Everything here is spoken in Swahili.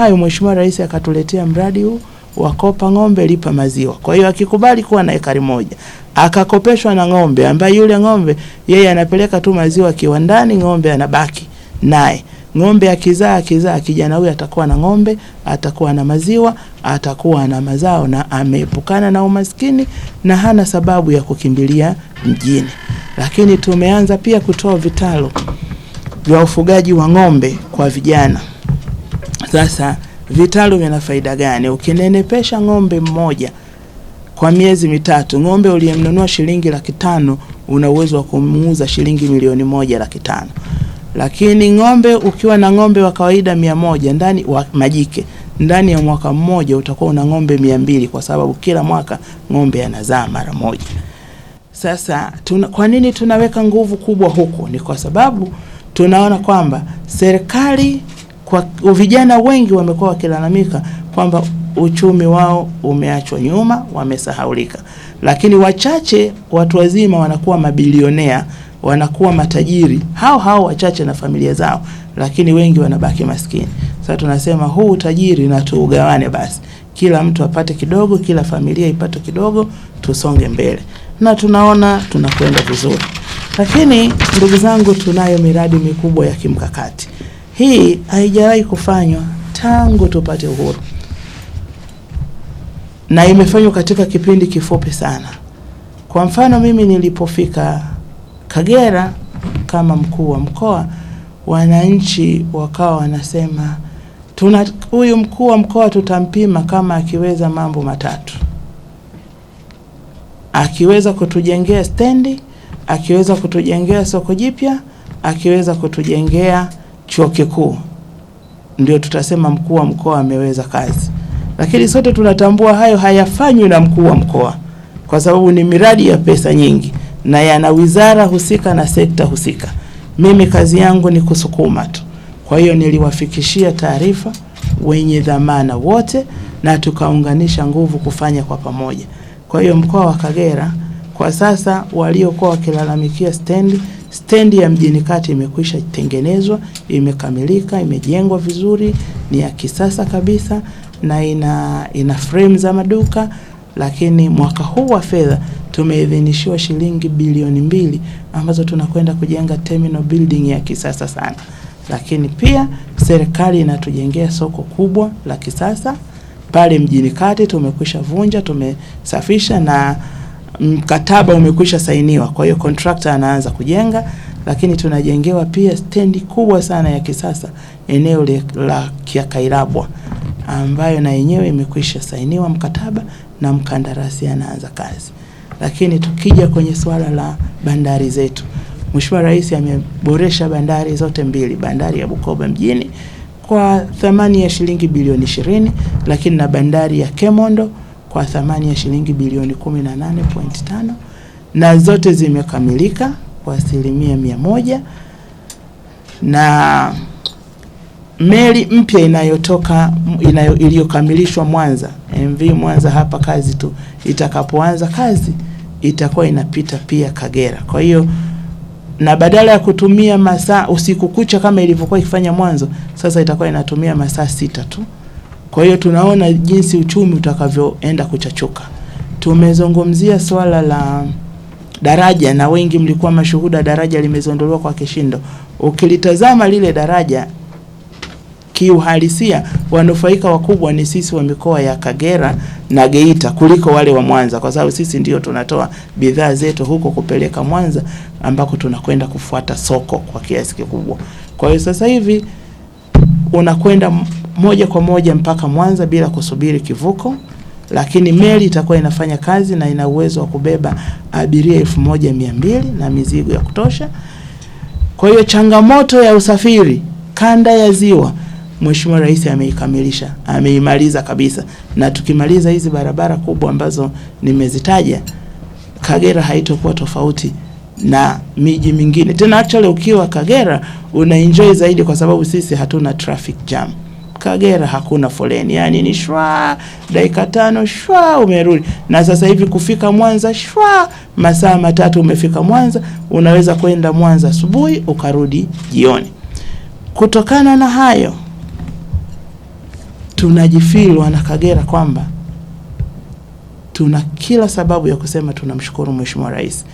hayo Mheshimiwa Rais akatuletea mradi huu wakopa ng'ombe lipa maziwa. Kwa hiyo akikubali kuwa na ekari moja akakopeshwa na ng'ombe ambaye yule ng'ombe yeye anapeleka tu maziwa kiwandani, ng'ombe anabaki naye. Ng'ombe akizaa akizaa, kijana huyu atakuwa na ng'ombe, atakuwa na maziwa, atakuwa na mazao na ameepukana na umaskini na hana sababu ya kukimbilia mjini. Lakini tumeanza pia kutoa vitalu vya ufugaji wa ng'ombe kwa vijana. Sasa vitalu vina faida gani? Ukinenepesha ng'ombe mmoja kwa miezi mitatu, ng'ombe uliyemnunua shilingi laki tano una uwezo wa kumuuza shilingi milioni moja laki tano. Lakini ng'ombe ukiwa na ng'ombe wa kawaida mia moja ndani wa majike ndani ya mwaka mmoja utakuwa una ng'ombe mia mbili kwa sababu kila mwaka ng'ombe anazaa mara moja. Sasa tuna, kwa nini tunaweka nguvu kubwa huko? Ni kwa sababu tunaona kwamba serikali kwa vijana wengi wamekuwa wakilalamika kwamba uchumi wao umeachwa nyuma, wamesahaulika, lakini wachache watu wazima wanakuwa mabilionea, wanakuwa matajiri hao hao wachache na familia zao, lakini wengi wanabaki maskini. Sasa tunasema huu utajiri na tuugawane basi, kila mtu apate kidogo, kila familia ipate kidogo, tusonge mbele, na tunaona tunakwenda vizuri. Lakini ndugu zangu, tunayo miradi mikubwa ya kimkakati. Hii haijawahi kufanywa tangu tupate uhuru, na imefanywa katika kipindi kifupi sana. Kwa mfano, mimi nilipofika Kagera kama mkuu wa mkoa, wananchi wakawa wanasema tuna huyu mkuu wa mkoa tutampima kama akiweza mambo matatu, akiweza kutujengea stendi, akiweza kutujengea soko jipya, akiweza kutujengea chuo kikuu, ndio tutasema mkuu wa mkoa ameweza kazi, lakini sote tunatambua hayo hayafanywi na mkuu wa mkoa, kwa sababu ni miradi ya pesa nyingi na yana wizara husika na sekta husika. Mimi kazi yangu ni kusukuma tu. Kwa hiyo niliwafikishia taarifa wenye dhamana wote na tukaunganisha nguvu kufanya kwa pamoja. Kwa hiyo mkoa wa Kagera kwa sasa waliokuwa wakilalamikia stendi, stendi ya mjini kati imekwisha tengenezwa, imekamilika, imejengwa vizuri, ni ya kisasa kabisa na ina, ina frame za maduka, lakini mwaka huu wa fedha tumeidhinishiwa shilingi bilioni mbili ambazo tunakwenda kujenga terminal building ya kisasa sana, lakini pia serikali inatujengea soko kubwa la kisasa pale mjini kati. Tumekwisha vunja, tumesafisha na mkataba umekwisha sainiwa, kwa hiyo contractor anaanza kujenga, lakini tunajengewa pia stendi kubwa sana ya kisasa eneo la kiakairabwa ambayo na yenyewe imekwisha sainiwa mkataba na mkandarasi anaanza kazi. Lakini tukija kwenye swala la bandari zetu, Mheshimiwa Rais ameboresha bandari zote mbili, bandari ya Bukoba mjini kwa thamani ya shilingi bilioni ishirini, lakini na bandari ya Kemondo kwa thamani ya shilingi bilioni 18.5 na zote zimekamilika kwa asilimia mia moja na meli mpya inayotoka inayo, iliyokamilishwa Mwanza MV Mwanza hapa kazi tu, itakapoanza kazi itakuwa inapita pia Kagera. Kwa hiyo na badala ya kutumia masaa usiku kucha kama ilivyokuwa ikifanya mwanzo, sasa itakuwa inatumia masaa sita tu. Kwa hiyo tunaona jinsi uchumi utakavyoenda kuchachuka. Tumezungumzia swala la daraja na wengi mlikuwa mashuhuda, daraja limezondolewa kwa kishindo. Ukilitazama lile daraja kiuhalisia, wanufaika wakubwa ni sisi wa mikoa ya Kagera na Geita kuliko wale wa Mwanza, kwa sababu sisi ndio tunatoa bidhaa zetu huko kupeleka Mwanza ambako tunakwenda kufuata soko kwa kiasi kikubwa. Kwa hiyo sasa hivi unakwenda moja kwa moja mpaka Mwanza bila kusubiri kivuko, lakini meli itakuwa inafanya kazi na ina uwezo wa kubeba abiria elfu moja mia mbili na mizigo ya kutosha. Kwa hiyo changamoto ya usafiri kanda ya ziwa Mheshimiwa Rais ameikamilisha, ameimaliza kabisa, na tukimaliza hizi barabara kubwa ambazo nimezitaja, Kagera haitokuwa tofauti na miji mingine tena. Actually ukiwa Kagera una enjoy zaidi, kwa sababu sisi hatuna traffic jam. Kagera hakuna foleni, yani ni shwa dakika tano shwa umerudi. Na sasa hivi kufika Mwanza shwa masaa matatu umefika Mwanza. Unaweza kwenda Mwanza asubuhi ukarudi jioni. Kutokana na hayo, tunajifilwa na Kagera kwamba tuna kila sababu ya kusema tunamshukuru Mheshimiwa Rais.